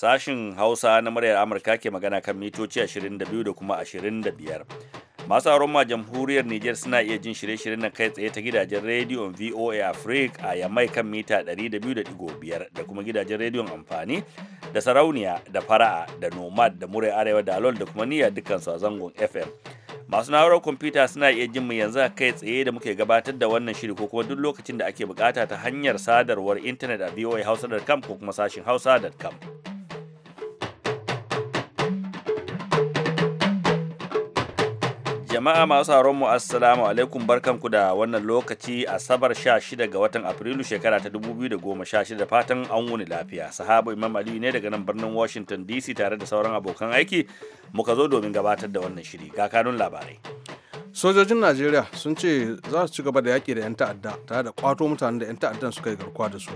Sashin Hausa na muryar Amurka ke magana kan mitoci 22 da kuma 25. Masu auren ma jamhuriyar Nijar suna iya jin shirye-shiryen na kai tsaye ta gidajen rediyon VOA Africa a Yamai kan mita 200.5 da kuma gidajen rediyon amfani da sarauniya da fara'a da nomad da murai arewa da alol da kuma niyya su a zangon FM. masu na'urar kwamfuta suna iya jin mu yanzu a kai tsaye da muke gabatar da wannan shiri ko kuma duk lokacin da ake bukata ta hanyar sadarwar intanet a voahausa.com ko kuma sashin hausa.com. Jama'a masu sauraron mu assalamu alaikum barkanku da wannan lokaci Asabar 16 ga watan Afrilu shekara ta 2016 fatan an wuni lafiya. Sahabu Imam Aliyu ne daga nan birnin Washington DC tare da sauran abokan aiki muka zo domin gabatar da wannan shiri ga kanun labarai. Sojojin Najeriya sun ce za su ci gaba da yaƙi da 'yan ta'adda tare da kwato mutanen da 'yan ta'addan suka yi garkuwa da su.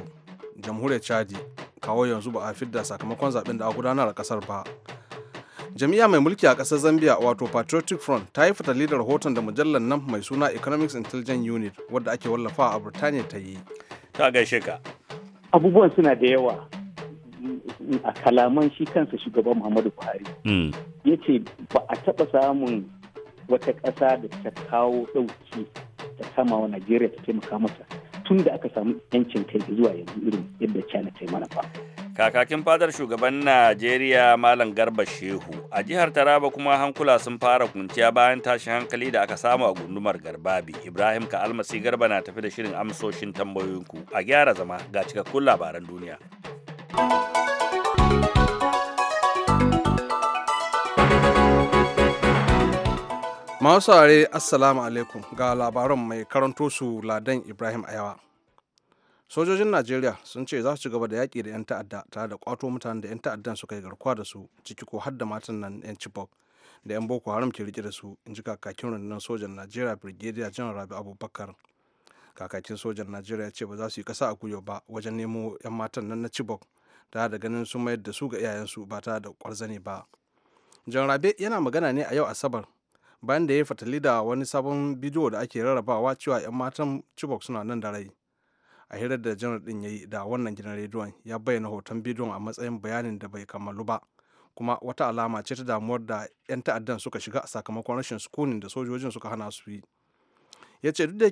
Jamhuriyar Chadi kawo yanzu ba a fidda sakamakon zaɓen da a gudanar a kasar ba. jami'a mai mulki a ƙasar zambia wato patriotic front ta yi fatali da rahoton da mujallar nan mai suna economics intelligence unit wadda ake wallafa a burtaniya ta yi ta gaishe ka abubuwan suna da yawa a kalaman shi kansa shugaban muhammadu buhari hmm. ya ce ba a taɓa samun wata ƙasa da ta kawo ɗauki ta sama wa najeriya ta taimaka masa tun da aka samu 'yancin kai zuwa yanzu irin yadda china ta yi mana ba Kakakin fadar shugaban Najeriya Malam Garba Shehu a jihar Taraba kuma hankula sun fara kunciya bayan tashin hankali da aka samu a gundumar Garbabi. Ibrahim ka almasi Garba na tafi da shirin amsoshin tambayoyinku a gyara zama ga cikakkun labaran duniya. Masu assalamu alaikum ga labaran mai karanto su Ladan Ibrahim Ayawa. sojojin najeriya sun ce za su ci gaba da yaƙi da 'yan ta'adda tare da kwato mutanen da 'yan ta'addan suka yi garkuwa da su ciki ko har da matan nan 'yan chibok da 'yan boko haram ke rike da su in ji kakakin rundunar sojan najeriya brigadier general rabi abubakar kakakin sojan najeriya ce ba za su yi kasa a gwiwa ba wajen nemo 'yan matan nan na chibok tare da ganin sun mayar da su ga iyayensu ba tare da kwarzane ba jan rabe yana magana ne a yau asabar bayan da ya yi fatali da wani sabon bidiyo da ake rarrabawa cewa 'yan matan chibok suna nan da rai a hirar da janar din ya yi da wannan gidan rediyon ya bayyana hoton bidiyon a matsayin bayanin da bai kammalu ba kuma wata alama ce ta damuwar da 'yan ta'addan suka shiga sakamakon rashin sukunin da sojojin suka hana su yi ya ce duk da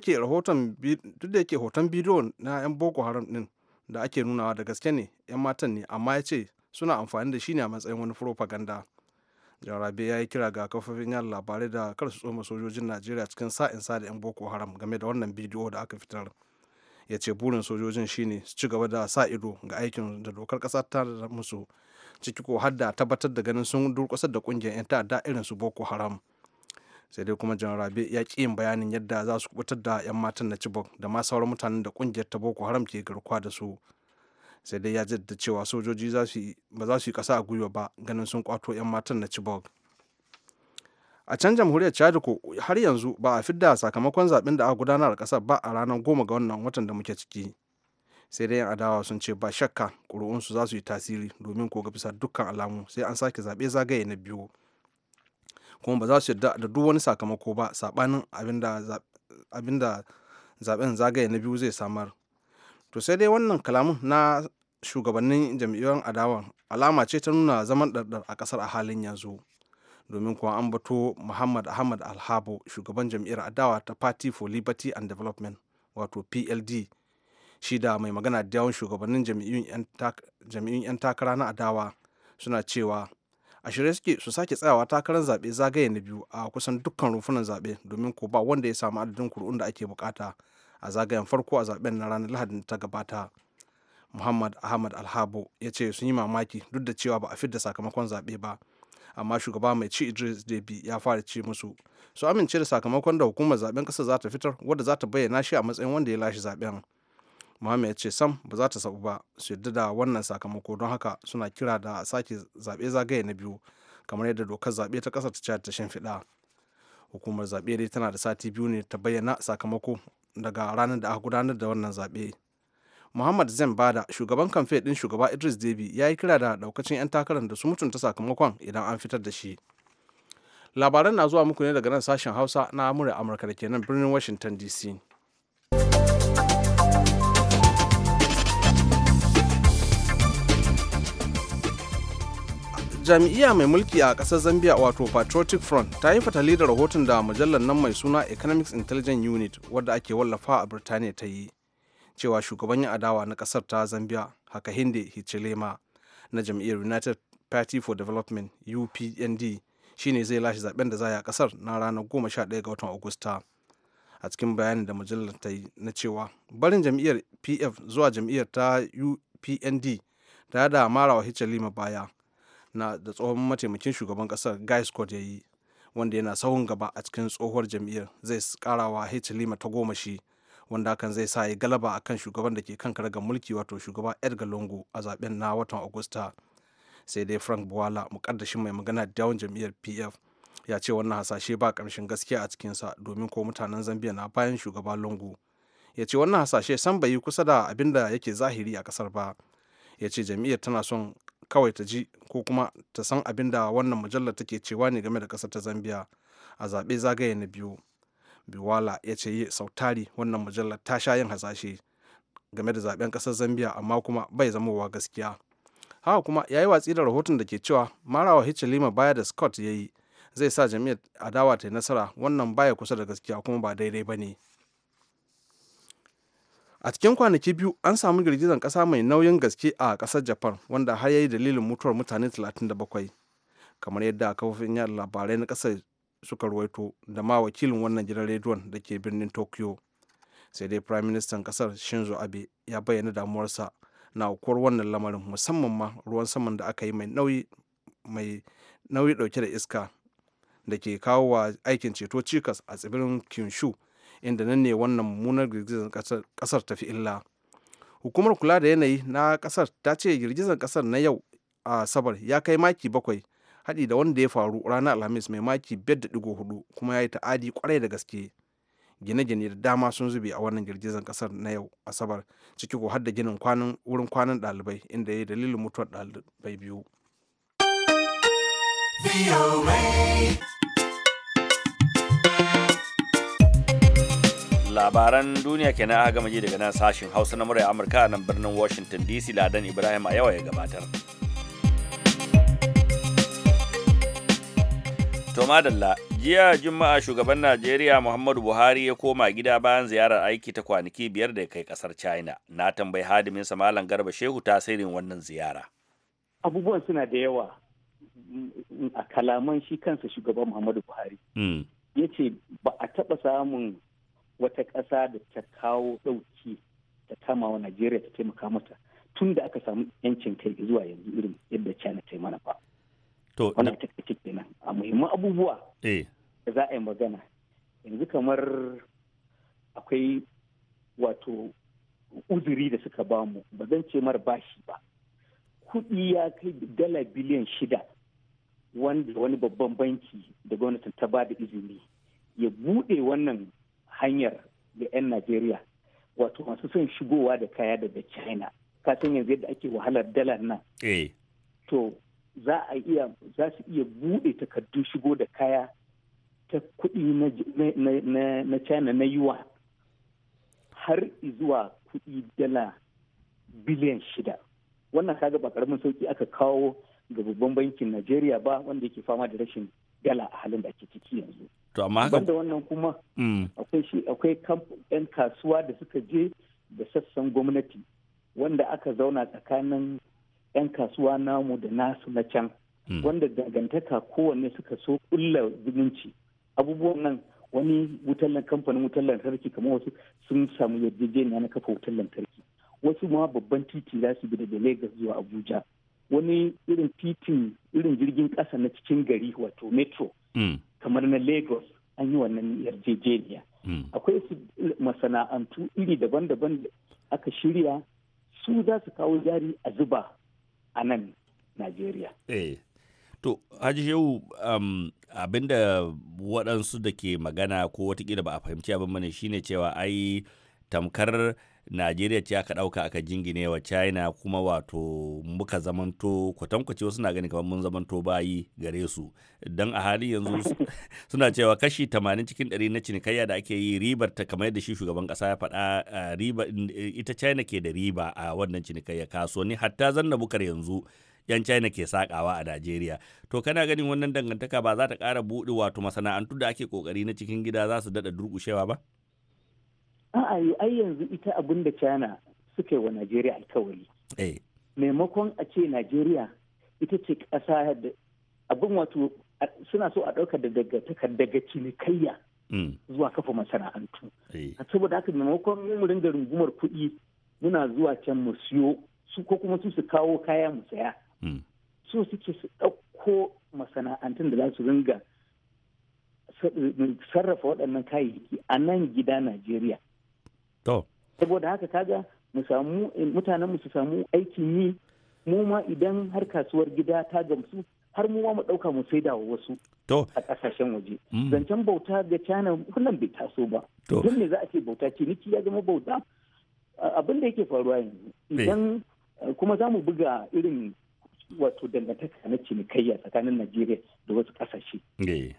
yake hoton bidiyo na 'yan boko haram din da ake nunawa da gaske ne 'yan matan ne amma ya ce suna amfani da shi ne a matsayin wani propaganda jarabe ya yi kira ga kafofin yan labarai da kar su tsoma sojojin najeriya cikin sa'in sa da 'yan boko haram game da wannan bidiyo da aka fitar ya ce burin sojojin shine su ci gaba da sa ido ga aikin da dokar kasa ta musu ciki ko har da tabbatar da ganin sun durƙusar da kungiyar 'yan ta'adda irin su boko haram sai dai kuma janar rabe ya ƙi yin bayanin yadda za su kubutar da 'yan matan na cibok da ma sauran mutanen da kungiyar ta boko haram ke garkuwa da su sai dai ya jaddada cewa sojoji ba za su yi kasa a gwiwa ba ganin sun kwato 'yan matan na cibok. a can jamhuriyar chad ko har yanzu ba a fidda sakamakon zaben da aka gudanar a kasar ba a ranar goma ga wannan watan da muke ciki sai dai yan adawa sun ce ba shakka ƙuri'unsu za su yi tasiri domin ko bisa dukkan alamu sai an sake zaɓe zagaye na biyu kuma ba za su yarda da duk wani sakamako ba saɓanin abin da zaɓen zagaye na biyu zai samar to sai dai wannan kalamun na shugabannin jam'iyyar adawa alama ce ta nuna zaman ɗarɗar a ƙasar a halin yanzu. domin kuwa an bato muhammad ahmad alhabo shugaban jam'iyyar adawa ta party for liberty and development wato pld shi da mai magana da yawan shugabannin jam'iyyun 'yan takara na adawa suna cewa a shirye suke su sake tsayawa takarar zaɓe zagaye na biyu a kusan dukkan rumfunan zaɓe domin ko ba wanda ya samu adadin kuri'un da ake bukata a zagayen farko a zaɓen na ranar lahadin ta gabata muhammad ahmad alhabo ya ce sun yi mamaki duk da cewa ba a fidda sakamakon zaɓe ba amma shugaba mai ci idris debi ya fara ci musu su amince da sakamakon da hukumar zaben ƙasa za ta fitar wadda za ta bayyana shi a matsayin wanda ya lashe zaben muhammad ya ce sam ba za ta sabu ba su yadda da wannan sakamako don haka suna kira da sake zaɓe zagaye na biyu kamar yadda dokar zaɓe ta ƙasar ta ta shimfiɗa hukumar zaɓe dai tana da sati biyu ne ta bayyana sakamako daga ranar da aka gudanar da wannan zaɓe muhammad zain bada shugaban kamfe din shugaba idris debi ya yi kira da daukacin 'yan takarar da su mutunta sakamakon idan an fitar da shi labaran na zuwa muku ne daga nan sashen hausa na amurka amurka da kenan birnin washington dc jami'iya mai mulki a kasar zambia wato patriotic front ta yi fatali da rahoton da mujallar nan mai suna economics intelligence unit wadda ake wallafa a birtaniya ta yi cewa shugaban yin adawa na kasar ta zambia haka hinde hichilema na jam'iyyar united party for development upnd shine zai lashe zaben da za a kasar na ranar goma sha 11 ga watan agusta a cikin bayanin da mujallar ta yi na cewa barin jam'iyyar pf zuwa jam'iyyar ta upnd da da marawa hichilema baya na da tsohon mataimakin shugaban kasar guy scott ya yi wanda yana sahun gaba a cikin tsohuwar jam'iyyar zai karawa hichilema ta goma shi wanda hakan zai sa ya galaba a kan shugaban da ke kan karagar mulki wato shugaba edgar lungu a zaben na watan agusta sai dai frank buwala mukaddashin mai magana da yawon jam'iyyar pf ya ce wannan hasashe ba kamshin gaskiya a cikinsa domin ko mutanen zambia na bayan shugaba lungu ya ce wannan hasashe san bai yi kusa da abin da yake zahiri a kasar ba ya ce jam'iyyar tana son kawai ta ji ko kuma ta san abin da wannan mujallar take cewa ne game da kasar ta zambia a zaɓe zagaye na biyu biwala ya ce sautari wannan mujallar ta sha yin hasashe game da zaben kasar zambia amma kuma bai zamowa gaskiya haka kuma ya yi watsi da rahoton da ke cewa marawa hichilima baya da scott ya yi zai sa jami'ar adawa ta nasara wannan baya kusa da gaskiya kuma ba daidai ba ne a cikin kwanaki biyu an samu girgizan kasa mai nauyin gaske a kasar japan wanda har ya yi dalilin mutuwar mutane 37 kamar yadda kafofin yada labarai na kasar suka ruwaito da ma wakilin wannan gidan rediyon da ke birnin tokyo sai dai prime minister kasar shinzo abe ya bayyana damuwarsa na aukuwar wannan lamarin musamman ma ruwan saman da aka yi mai nauyi mai nauyi dauke da iska da ke kawo wa aikin ceto cikas a tsibirin kinshu inda nan ne wannan mummunar girgizar kasar tafi illa hukumar kula da yanayi na kasar ta ce girgizar kasar na yau a sabar ya kai maki bakwai haɗi da wanda ya faru ranar alhamis mai maki 5.4 kuma ya yi ta'adi kwarai da gaske gine-gine da dama sun zube a wannan girgizan kasar na yau asabar ciki ko har da ginin kwanan wurin kwanan ɗalibai inda ya yi dalilin mutuwar ɗalibai biyu labaran duniya kenan na gama ji daga nan sashen hausa na murya amurka a nan birnin washington dc ladan ibrahim a yawa ya gabatar To madalla, jiya Juma'a shugaban Najeriya Muhammadu Buhari ya koma gida bayan ziyarar aiki ta kwanaki biyar da ya kai kasar China. Na tambayi hadimin sa Malam Garba Shehu tasirin wannan ziyara. Abubuwan suna da yawa mm, a kalaman shi kansa shugaban Muhammadu Buhari. Hmm. Ya ce ba a taɓa samun wata ƙasa da ta kawo ɗauki ta kama Najeriya ta taimaka mata tun da aka samu 'yancin kai zuwa yanzu irin yadda China ta yi mana ba. To wannan ita kenan a muhimman abubuwa eh. da za a yi magana yanzu kamar akwai wato uzuri da suka bamu ba zan ce mar bashi ba kuɗi ya kai dala biliyan shida wanda wani babban banki da gwamnatin ta ba da izini ya buɗe wannan hanyar da 'yan najeriya wato masu son shigowa da kaya daga china kasan yanzu yadda ake wahalar dalar nan eh. to za a iya za su iya bude takardun shigo da kaya ta kudi na china na yuwa har zuwa kudi dala biliyan shida wannan kaga ba karamin sauki aka kawo ga babban bankin najeriya ba wanda yake fama da rashin dala a halin da ake ciki yanzu da wannan kuma mm. akwai shi akwai yan kasuwa da suka je da sassan gwamnati wanda aka zauna tsakanin 'yan kasuwa namu da nasu na can hmm. wanda dangantaka kowanne suka so kulla zumunci abubuwan nan wani wutar kamfanin wutar lantarki kamar wasu sun samu yarjejeniya na kafa wutar lantarki wasu ma babban titi za su bi daga lagos zuwa abuja wani irin titin irin jirgin kasa na cikin gari wato metro hmm. kamar na lagos an yi wannan yarjejeniya hmm. akwai su masana'antu iri daban-daban aka shirya su za su kawo jari a zuba a nan Najeriya. Eh. To, Haji Shehu, um, abinda waɗansu da ke magana ko watakila ba a fahimci abin mana shine cewa ai tamkar najeriya ce aka ɗauka aka jingine wa china kuma wato muka zamanto kwatankwaci wasu na gani kamar mun zamanto bayi gare su don a hali yanzu suna cewa kashi 80 cikin 100 na cinikayya da ake yi ribar ta kamar yadda shi shugaban kasa ya faɗa riba ita china ke da riba a wannan cinikayya kasuwanni hatta zanna bukar yanzu yan china ke sakawa a najeriya to kana ganin wannan dangantaka ba za ta ƙara buɗe wato masana'antu da ake kokari na cikin gida za su daɗa durkushewa ba A'a ai yanzu ita abin da China suke wa Najeriya alkawari. Eh. Maimakon a ce Najeriya ita ce ƙasa da abin wato suna so a ɗauka daga daga cinikayya mm. zuwa kafa masana'antu. Eh. a Saboda haka maimakon mu ringa rungumar kuɗi muna zuwa can mu siyo su ko kuma su su kawo kaya mu saya. Mm. su suke su ɗauko masana'antun da za su ringa sarrafa waɗannan kayayyaki a nan gida Najeriya. to saboda haka kaga mu samu eh, mutanen mu su samu aikin yi mu ma idan har kasuwar gida ta gamsu har mu mu dauka mu saida wa wasu to a kasashen waje mm. zancen bauta ga China kullum bai taso ba don me za a ce bauta ciniki ya zama bauta abin da yake faruwa yanzu idan eh, kuma za mu buga irin wato dangantaka na cinikayya tsakanin Najeriya da wasu kasashe.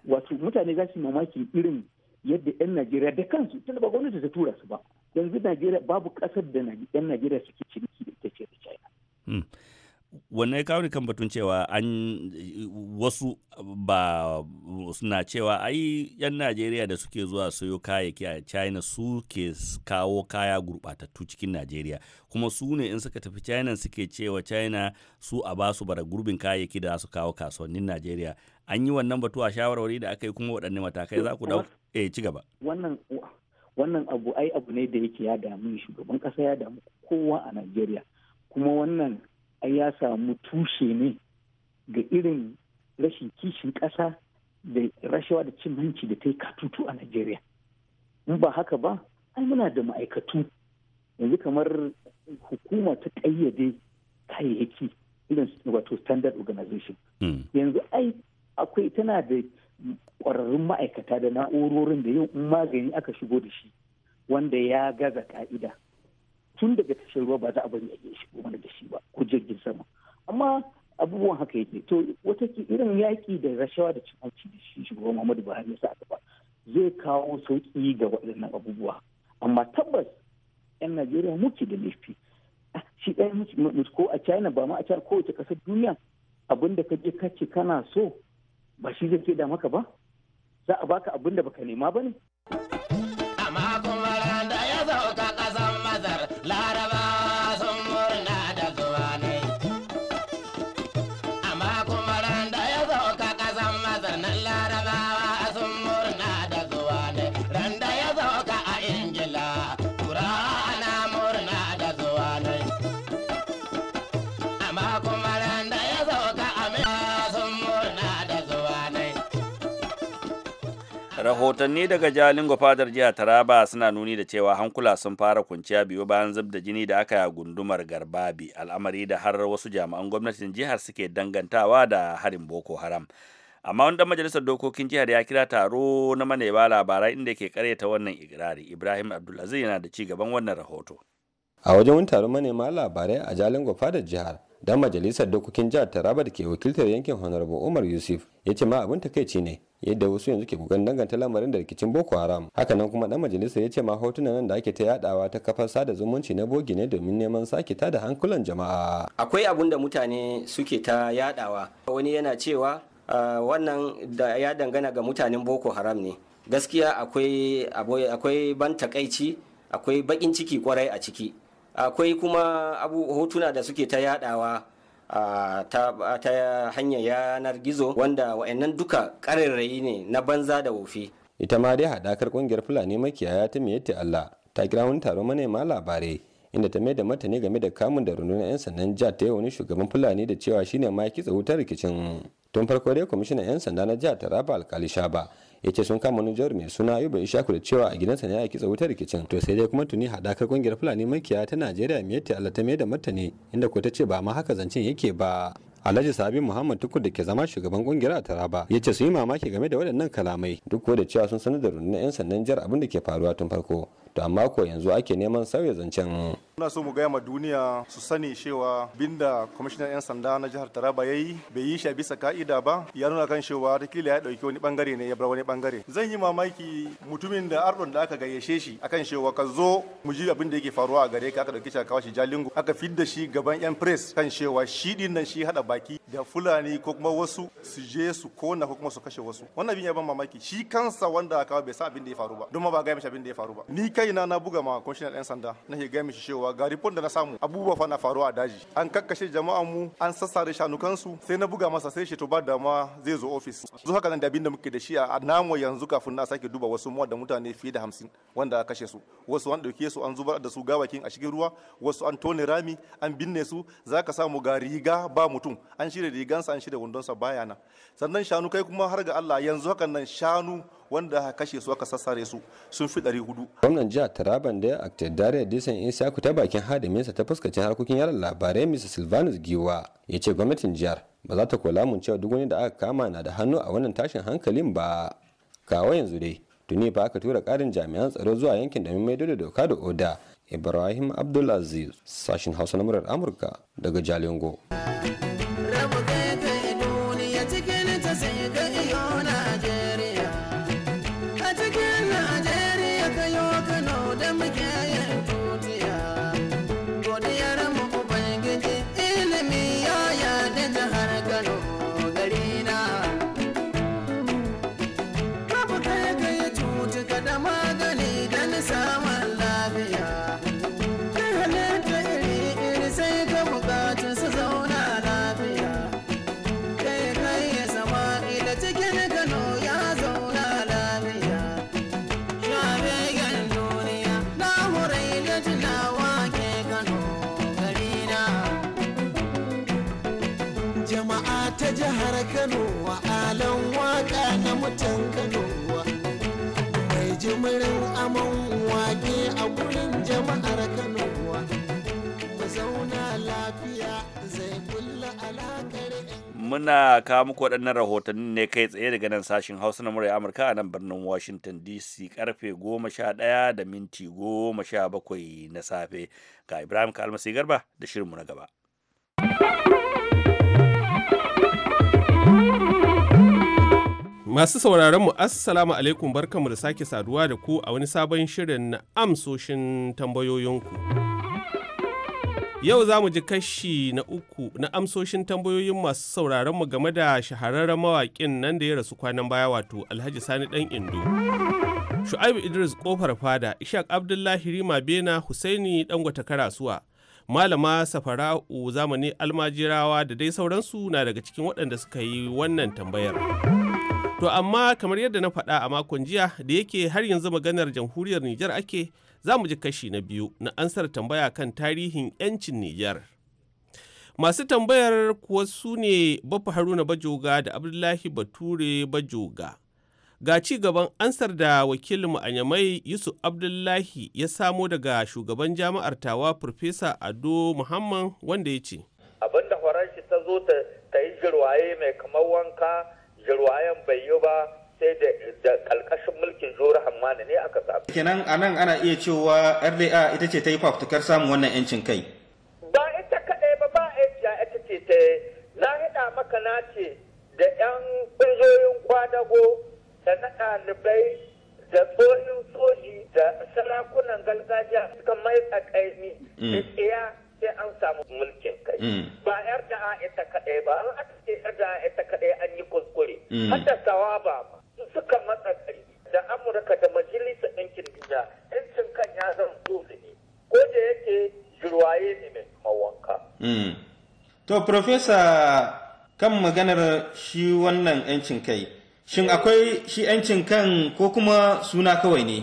Wato mutane za su mamaki irin yadda 'yan Najeriya da kansu tun ba gwamnati ta tura su ba. yanzu najeriya babu kasar da yan najeriya suke ciniki da ita ce da china hmm. wannan ya kawo kan batun cewa an wasu ba suna cewa ai yan najeriya da suke zuwa sayo kayayyaki a china su kawo kaya gurbatattu cikin najeriya kuma su ne in suka tafi china suke cewa china su a ba su bara gurbin kayayyaki da za su kawo kasuwannin najeriya an yi wannan batu a shawarwari da aka yi kuma waɗanne matakai za ku dau eh, ci gaba wannan wannan abu ai abu ne da yake ya damu shugaban kasa ya damu kowa a najeriya kuma wannan ai ya samu tushe ne ga irin rashin kishin kasa da rashawa da cin hanci da ta yi katutu a najeriya in ba haka ba ai muna da ma'aikatu yanzu kamar hukuma ta kayyade kayayyaki irin wato standard organization hmm. yanzu ai akwai tana da ma'aikata da na'urorin da yau magani aka shigo da shi wanda ya gaza ka'ida tun daga tashar ruwa ba za a bari a iya shigo mana da shi ba ko jirgin sama amma abubuwan haka yake to wata irin yaƙi da rashawa da cin hanci da shi shugaban Muhammadu Buhari ya sa gaba zai kawo sauƙi ga waɗannan abubuwa amma tabbas 'yan Najeriya muke da laifi shi ɗaya ko a China ba ma a China kowace ƙasar duniya abin da ka je kana so ba shi zai ke da maka ba za a baka abin da baka nema ba ne. rahotanni daga jalingo fadar jihar taraba suna nuni da cewa hankula sun fara kunciya biyu bayan zub da jini da aka yi a gundumar garbabi al'amari da har wasu jami'an gwamnatin jihar suke dangantawa da harin boko haram amma wani dan majalisar dokokin jihar ya kira taro na manema labarai inda ke ta wannan igirari ibrahim abdulaziz yana da ci gaban wannan rahoto a wajen wani taron manema labarai a jalingo fadar jihar dan majalisar dokokin jihar taraba da ke wakiltar yankin honorable umar yusuf ya ce ma abin takaici ne yadda wasu yanzu ke kokarin danganta lamarin da rikicin boko haram Haka nan kuma dan majalisar ya ce ma hotunan nan da ake ta yadawa ta kafar sada zumunci na bogi ne domin neman sake tada hankulan jama'a akwai abun da mutane suke ta yadawa wani yana cewa ah, wannan da ya dangana ga mutanen boko haram ne gaskiya akwai akwai ban takaici akwai bakin ciki kwarai a ciki akwai kuma abu hotuna da suke ta yadawa ta hanyar yanar gizo wanda wa'annan duka ƙararrayi ne na banza da wofi ita ma dai hadakar ƙungiyar fulani makiyaya ta miyetti allah ta kira wani taron manema labarai inda ta maida da martani game da kamun da rundunar 'yan sandan jihar ta yi wani shugaban fulani da cewa shine ma kitsa wutar rikicin tun farko dai kwamishinan 'yan sanda na jihar taraba alkali ba. ya ce sun kama wani mai suna ayuba ishaku da cewa a gidansa ne ya kitsa wutar rikicin to sai dai kuma tuni haɗakar ƙungiyar fulani makiya ta najeriya mai ta allah ta mai da martani inda ko ta ce ba ma haka zancen yake ba Alhaji Sabi Muhammad Tukur da ke zama shugaban kungiyar a Taraba ya ce su yi mamaki game da waɗannan kalamai duk da cewa sun sanar da rundunar 'yan sandan jihar abin da ke faruwa tun farko. To amma ko yanzu ake neman sauya zancen. Muna so mu gaya ma duniya su sani cewa binda kwamishinan 'yan sanda na jihar Taraba ya yi bai yi shi a bisa ka'ida ba ya nuna kan cewa kila ya ɗauki wani bangare ne ya bar wani bangare. Zan yi mamaki mutumin da ardon da aka gayyace shi akan cewa ka zo mu ji abin da yake faruwa a gare ka aka ɗauki shi a kawashi shi jalingo aka fidda shi gaban 'yan press kan cewa shi ɗin nan shi haɗa da fulani ko kuma wasu su je su kona ko kuma su kashe wasu wannan abin ya ban mamaki shi kansa wanda aka bai sa abin da ya faru ba don ma ba ga mishi abin da ya faru ba ni kaina na buga ma kwamishinan ɗan sanda na ke ga mishi cewa ga ripon da na samu abubuwa fa na faruwa a daji an kakkashe jama'an mu an sassare shanukansu sai na buga masa sai shi to ba da ma zai zo ofis zo haka nan da abin da muke da shi a namo yanzu kafin na sake duba wasu mu da mutane fiye da hamsin wanda aka kashe su wasu an ɗauke su an zubar da su gawakin a cikin ruwa wasu an tone rami an binne su zaka samu ga ba mutum an shirya da rigansa an shirya wundonsa baya nan sannan shanu kai kuma har ga Allah yanzu hakan nan shanu wanda aka kashe su aka sassare su sun fi 400 gwamnan jihar Taraban da Akte Dare Disan Isaku ta bakin hadiminsa ta fuskacin harkokin yaran labarai Mrs. Silvanus Giwa ya ce gwamnatin jihar ba za ta kula mun cewa duk wani da aka kama na da hannu a wannan tashin hankalin ba kawo yanzu dai tuni fa aka tura karin jami'an tsaro zuwa yankin da maido da doka da oda ibrahim abdulaziz sashin hausa na murar amurka daga jalingo ta jihar kano wa alan waka na mutan kano mai jimirin aman wake a gurin jama'ar kano mu zauna lafiya zai kulla alakar muna kawo muku waɗannan rahotannin ne kai tsaye daga nan sashen hausa na murai amurka a nan birnin washington dc karfe goma sha ɗaya da minti goma sha bakwai na safe ga ibrahim kalmasi garba da shirinmu na gaba Masu sauraron mu assalamu alaikum barkamu da sake saduwa da ku a wani sabon shirin na amsoshin tambayoyinku. Yau za mu ji kashi na uku na amsoshin tambayoyin masu sauraron mu game da shahararren mawaƙin nan da ya rasu kwanan baya wato Alhaji Sani ɗan Indo. Shu'aibu Idris Kofar Fada, Ishaq Abdullahi Rima Bena, Husaini Dangwata Karasuwa. malama safara'u zamani almajirawa da dai sauransu na daga cikin waɗanda suka yi wannan tambayar To amma kamar yadda na faɗa a makon jiya da yake har yanzu maganar jamhuriyar Nijar ake za mu ji kashi na biyu na ansar tambaya kan tarihin 'yancin Nijar. Masu tambayar kuwa su ne Bafa Haruna Bajoga da Abdullahi Bature Bajoga. Ga ci gaban ansar da wakilinmu a Yamai Yusuf Abdullahi ya samo daga shugaban jama'ar tawa Farfesa Ado Muhammad wanda ya ce. Abin da ta zo ta yi jirwaye mai kamar wanka jirwayen bai yi ba sai da kalkashin mulkin zuwa hammani ne aka samu. kenan a nan ana iya cewa rda ita ce ta yi fafutukar samun wannan yancin kai. ba ita kaɗai ba ba ita ce ta yi. na haɗa maka na ce da 'yan ƙungiyoyin kwadago da na ɗalibai da tsohin soji da sarakunan gargajiya suka mai tsakaini mm. da tsaya sai an samu mulkin kai mm. ba yar ita kaɗai ba Mm. Hada sawaba suka matsa da Amurka da Majalisar Ɗinkin Duniya 'yancin kan ya zama dole ne ko da yake jirwaye ne mai mawanka. Mm. To, Profesa kan maganar shi wannan 'yancin kai, shin eh. akwai shi 'yancin kan ko kuma suna kawai ne?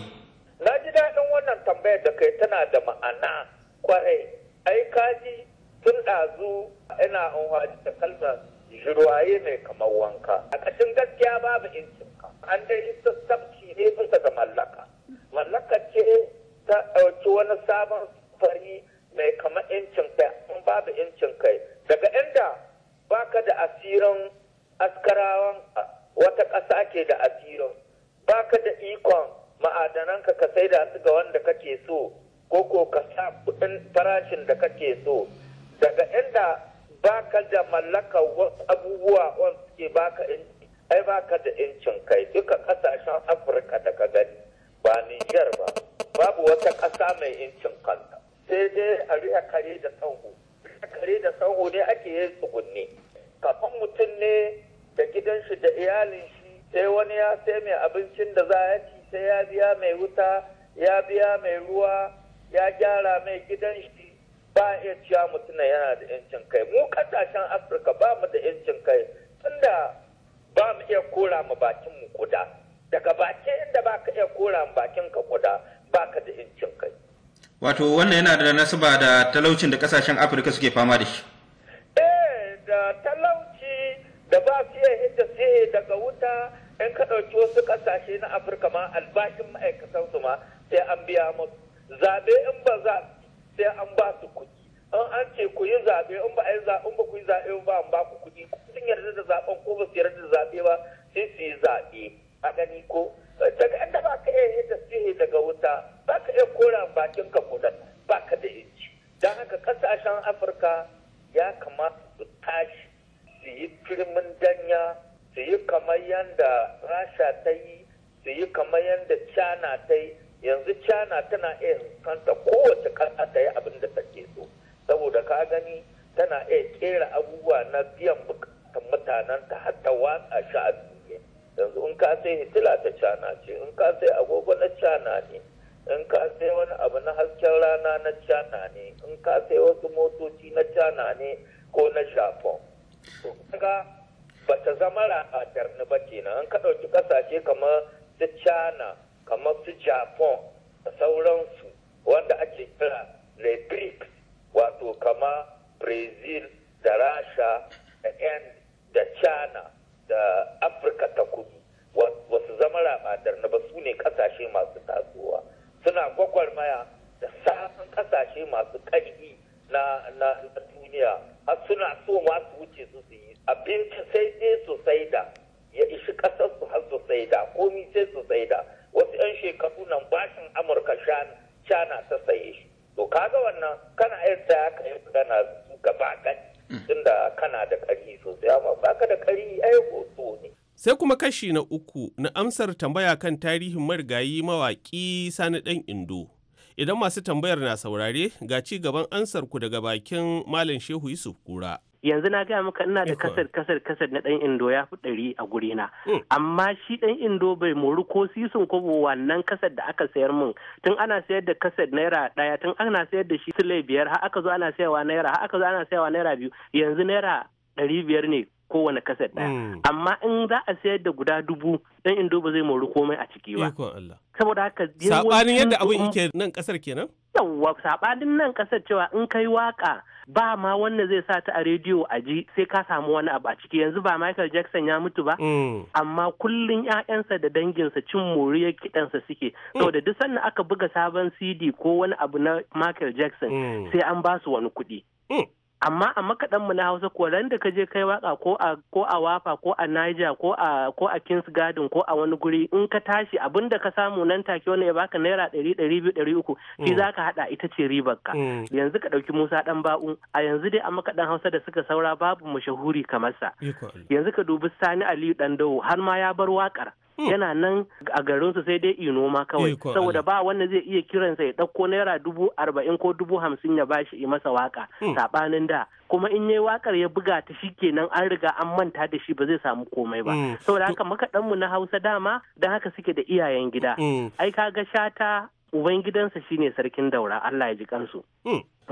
kaka ka sai da su ga wanda kake so ko ko ka sa kuɗin farashin da kake so daga inda ba ka da mallaka wasu abubuwa wanda suke baka ai ka da incin kai duka kasashen afirka da ka gani ba niger ba babu wata ƙasa mai incin kanta sai dai a riya kare da sango kare da sauhu ne ake yin tsugunni kafin mutum ne da gidan shi da iyalin shi sai wani ya sai mai abincin da za a yi sai ya biya mai wuta ya biya mai ruwa ya gyara mai gidan shi ba iya cewa mutum yana da yancin kai mu kasashen afirka ba mu da yancin kai tunda ba mu iya kora mu bakin mu kuda daga bakin inda ba ka iya kora mu bakin ka kuda ba ka da yancin kai wato wannan yana da nasaba da talaucin da kasashen afirka suke fama da shi eh da talauci da ba su iya hidda daga wuta in ka ɗauki wasu ƙasashe na afirka ma albashin ma'aikatan su ma sai an biya musu zaɓe in ba za sai an ba su kuɗi in an ce ku yi zaɓe in ba a yi zaɓe in ba ku yi zaɓe ba an ba ku kuɗi sun yarda da zaɓen ko ba su yarda da zaɓe ba sai su yi zaɓe a gani ko daga inda ba ka iya yadda sihe daga wuta ba ka iya kora bakin ka kudan ba ka da yanci don haka ƙasashen afirka ya kamata su tashi su yi firmin danya su yi kamar yadda rasha ta yi su yi kamar yadda china ta yi yanzu china tana iya kanta kowace kasa ta yi abin da take so saboda ka gani tana iya kera abubuwa na biyan bukatan mutanen ta har ta watsa shi a duniya yanzu in ka sai hitila ta cana ce in ka sai agogo na cana ne in ka sai wani abu na hasken rana na cana ne in ka sai wasu motoci na cana ne ko na japan ba ta zama ratar na ba kenan an ka ɗauki ƙasashe kamar su china kamar su japan da sauransu wanda ake kira le brics wato kama brazil da rasha da end da china da afirka ta kudu wasu zama rabatar na ba su ne kasashe masu tasowa suna gwagwarmaya da sabon ƙasashe masu ƙarfi na duniya har suna so ma su wuce su su yi abinci sai dai su saida ya ishi ƙasar su har su saida komi sai su saida wasu 'yan shekaru nan bashin amurka shana ta saye shi to kaga wannan kana ta ya kai magana su gaba gani mm. tunda kana da ƙari sosai amma baka da ƙari ai hoto ne sai kuma kashi na uku na amsar tambaya kan tarihin marigayi mawaƙi sani ɗan indo Idan masu tambayar na saurare ga ci gaban ansar ku daga bakin Malam Shehu Yusuf Kura. Yanzu na gaya maka ina da kasar kasar kasar na ɗan Indo ya fi ɗari a guri na hmm. Amma shi ɗan Indo bai mori ko sisin ko wannan kasar da aka sayar min. Tun ana sayar da kasar naira ɗaya tun ana sayar da shi sule biyar har aka zo ana sayarwa naira har aka zo ana sayarwa naira biyu yanzu naira ɗari biyar ne kowane kasar ɗaya mm. amma in za a sayar da guda dubu dan indo ba zai mori komai a ciki ba saboda haka Saɓanin yadda abin yake nan ƙasar kenan yawwa saɓanin nan ƙasar cewa in kai waƙa. ba ma wanda zai sa ta a rediyo a ji sai ka samu wani abu a ciki yanzu ba Michael Jackson ya mutu ba mm. amma kullum ƴaƴansa da danginsa cin moriyar kiɗansa suke mm. saboda duk sanda aka buga sabon CD ko wani abu na Michael Jackson sai an ba su wani kuɗi amma a makaɗan mu na hausa ko ran da ka je kai waka ko a ko a wafa ko a naija ko a ko a kings garden ko a wani guri in ka tashi abin da ka samu nan take wani ya baka naira ɗari ɗari biyu ɗari uku shi mm. za ka haɗa ita ce ribar ka mm. yanzu ka ɗauki musa ɗan ba'u a yanzu dai a makaɗan hausa da suka saura babu mashahuri kamar sa yanzu ka dubi sani aliyu ɗan dawo har ma ya bar waƙar Hmm. yana nan a garinsu sai dai ino ma kawai saboda ba wanda zai iya kiransa ya ɗauko naira dubu arba'in ko dubu hamsin ya bashi yi masa waka hmm. saɓanin da kuma in yi wakar ya buga ta shi kenan an riga an manta da shi ba zai samu komai ba hmm. saboda haka makaɗanmu na hausa dama don haka suke da iyayen gida ai kaga shata ubangidansa shine sarkin daura Allah ya ji kansu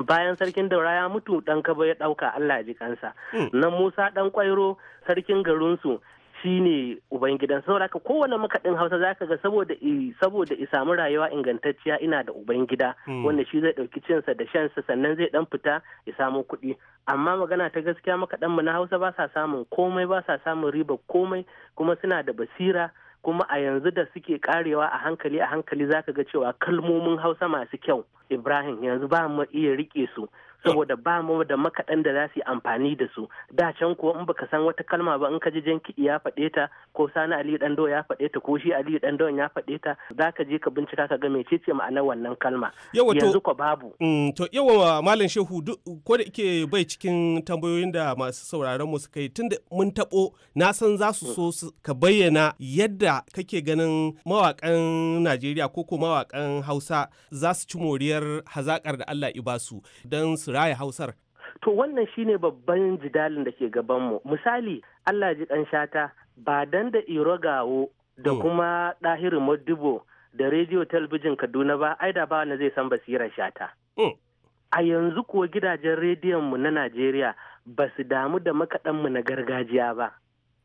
bayan sarkin daura ya mutu dan kaba ya ɗauka Allah ya ji kansa nan Musa ɗan kwairo sarkin garinsu Shi ne ubangidan saboda haka kowane makaɗin hausa za ka ga saboda saboda i samu rayuwa ingantacciya ina da ubangida hmm. wanda shi zai ɗauki cinsa da shansa sannan zai ɗan fita ya samu kuɗi amma magana ta gaskiya makaɗan mu na hausa ba sa samun komai ba sa samun riba komai kuma suna da basira kuma a yanzu da suke karewa a hankali a hankali ka ga cewa kalmomin hausa masu kyau ibrahim yanzu ba mu iya rike su saboda ba mu da makaɗan da za su yi amfani da su da can kuwa in baka san wata kalma ba in ka ji janki ya faɗe ta ko sani ali dan ya faɗe ta ko shi ali dan ya faɗe ta za ka je ka bincika ka ga mecece ma'anar wannan kalma yanzu ko babu mm, to yawa malam shehu ko da ke bai cikin tambayoyin da masu sauraron mu suka yi tunda mun taɓo na san za su so ka bayyana yadda kake ganin mawakan Najeriya ko ko mawakan Hausa za su ci moriyar hazakar da Allah ya don su su raya hausar to wannan shine babban jidalin da ke gabanmu misali allah ji ɗan shata ba dan da irogawo da hmm. kuma ɗahiru modibo da rediyo talbijin kaduna ba ai da ba wanda zai san basirar shata hmm. a yanzu kuwa gidajen rediyonmu na najeriya ba su damu da makaɗanmu na gargajiya ba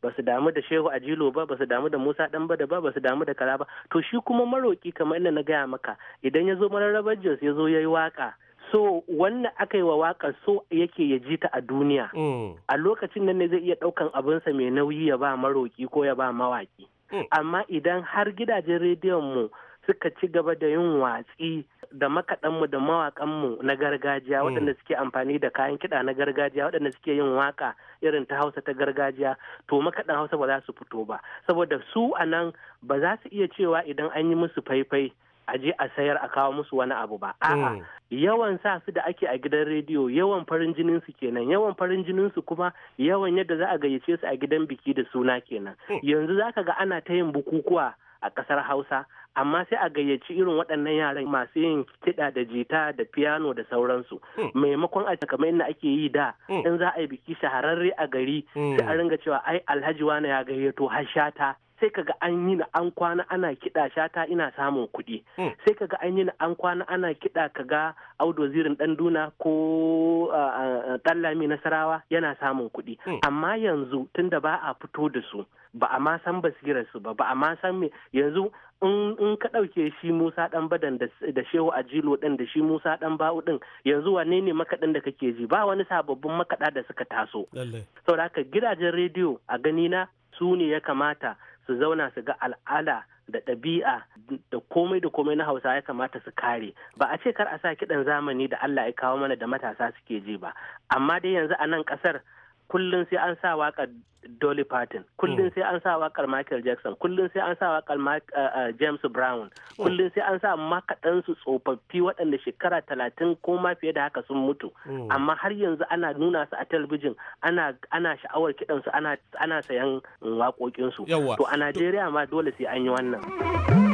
ba su damu da shehu ajilo ba ba su damu da musa ɗan bada ba ba su damu da kala ba to shi kuma maroƙi kamar inda na gaya maka idan ya zo mararrabar jos ya zo ya yi waka so wannan aka yi wa waka so yake ya ji ta a duniya mm. a lokacin nan ne zai iya ɗaukan abinsa mai nauyi ya ba maroki ko ya ba mawaki mm. amma idan har gidajen rediyon mu suka ci gaba da yin watsi da makaɗanmu da mawaƙanmu na gargajiya mm. waɗanda suke amfani da kayan kiɗa na gargajiya waɗanda suke yin waka irin ta hausa ta gargajiya to makaɗan hausa ba za su fito ba saboda su a nan ba za su iya cewa idan an yi musu faifai a je a sayar a kawo musu wani abu ba a'a mm. yawan sa su da ake a gidan rediyo yawan farin jinin su kenan yawan farin jinin su kuma yawan yadda za a gayyace su a gidan biki da suna kenan mm. yanzu za ka ga ana ta yin bukukuwa a ƙasar Hausa amma sai a gayyaci irin waɗannan yaran masu yin kiɗa da jita da fiyano da sauransu mm. maimakon a kamar inda ake yi da in za a yi biki shahararre a gari sai a ringa cewa ai alhaji wani ya gayyato har sai kaga an yi na an kwana ana kiɗa shata ina samun kuɗi hmm. sai kaga an yi na an kwana ana kiɗa kaga audo zirin ɗan duna ko ɗallami nasarawa yana samun kuɗi hmm. amma yanzu tunda ba a fito da su ba a ma san basirarsu ba ba a ma san me yanzu in ka ɗauke shi Musa ɗan badan da Shehu Ajilo ɗin da shi Musa ɗan ba'u ɗin yanzu wane ne makaɗin da kake ji ba wani sababbin makaɗa da suka taso. Saboda haka gidajen rediyo a ganina su ne ya kamata su zauna su ga al'ada da ɗabi'a da komai da komai na hausa ya kamata su kare ba a ce kar a sa kiɗan zamani da allah ya kawo mana da matasa suke ji ba amma dai yanzu a nan ƙasar kullum sai an sa wakar Dolly Parton, kullum mm. sai an sa wakar Michael Jackson, kullum sai an sa wakar uh, uh, James Brown, mm. kullum sai an sa makaɗansu tsofaffi waɗanda shekara talatin ko ma fiye da haka sun mutu. Mm. Amma har yanzu ana nuna su a talabijin ana sha'awar kiɗansu ana sayan waƙoƙinsu. To a Najeriya ma dole sai an yi wannan.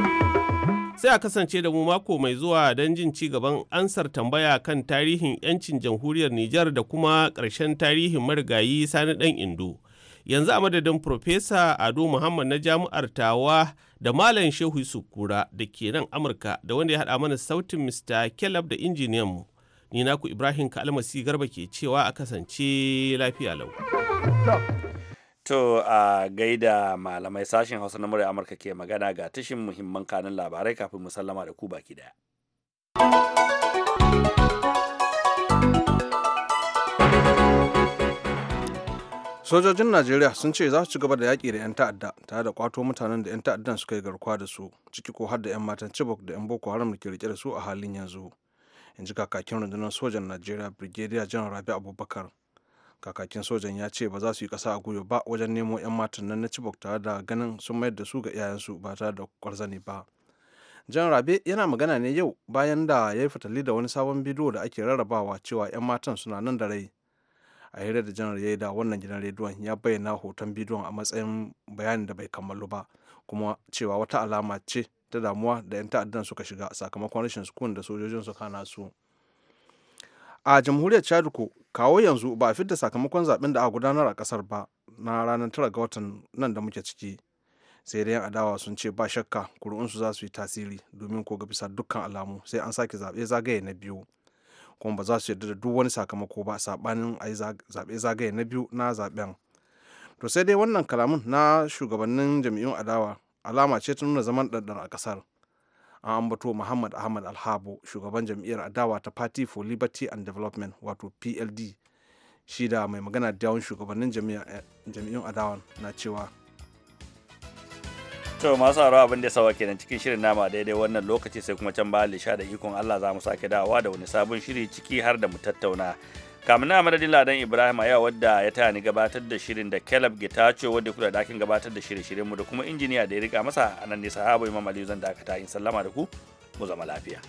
sai a kasance da mu mako mai zuwa don jin ci gaban ansar tambaya kan tarihin 'yancin jamhuriyar Nijar da kuma ƙarshen tarihin marigayi sani ɗan Indo. Yanzu a madadin Profesa Ado Muhammad na jami'ar Tawa da Malam Shehu Yusuf Kura da ke nan Amurka da wanda ya haɗa mana sautin Mr. Caleb da injiniyanmu. Ni naku Ibrahim Kalmasi Garba ke cewa a kasance lafiya lau. To a gaida malamai sashen Hausa na murya Amurka ke magana ga tashin muhimman kanin labarai kafin mu sallama da ku baki daya. Sojojin Najeriya sun ce za su ci gaba da yaƙi da 'yan ta'adda tare da kwato mutanen da 'yan ta'addan suka yi garkuwa da su ciki ko har da 'yan matan Chibok da 'yan Boko Haram da ke rike da su a halin yanzu. In ji kakakin rundunar sojan Najeriya Brigadier General Rabi Abubakar. kakakin sojan ya ce ba za su yi kasa a goyo ba wajen nemo 'yan matan nan na cibok tare da ganin sun mayar da su ga iyayensu ba tare da kwarzane ba jan rabe yana magana ne yau bayan da ya yi fitali da wani sabon bidiyo da ake rarrabawa cewa 'yan matan suna nan da rai a hira da janar ya yi da wannan gidan rediyon ya bayyana hoton bidiyon a matsayin bayanin da bai kammalu ba kuma cewa wata alama ce ta damuwa da 'yan ta'addan suka shiga sakamakon rashin sukun da sojojin su kana su a jamhuriyar chad ko kawo yanzu ba a fidda sakamakon zaben da aka gudanar a kasar ba na ranar tara ga watan nan da muke ciki sai dai adawa sun ce ba shakka kuri'unsu za su yi tasiri domin ko ga bisa dukkan alamu sai an sake zaɓe zagaye na biyu kuma ba za su yarda da duk wani sakamako ba saɓanin a yi zaɓe zagaye na biyu na zaɓen to sai dai wannan kalamun na shugabannin jam'iyyun adawa alama ce ta nuna zaman ɗanɗan a ƙasar an ambato muhammad ahmad alhabo shugaban jam'iyyar adawa ta party for liberty and development wato pld shi da mai magana da yawon shugabannin eh, jam'iyyun adawa na cewa to masu haro abin da sawa kenan cikin shirin nama daidai wannan lokaci sai kuma can ba lisha da ikon allah za mu sake dawowa da wani sabon shiri ciki har da mu tattauna kamun na madadin ladan ibrahim a yau wadda ya taya ni gabatar da shirin da caleb getacho wadda kula dakin gabatar da shirye-shiryen da kuma injiniya da ya rika masa a nan nesa sahabo imam aliyu zan dakata in sallama da ku mu zama lafiya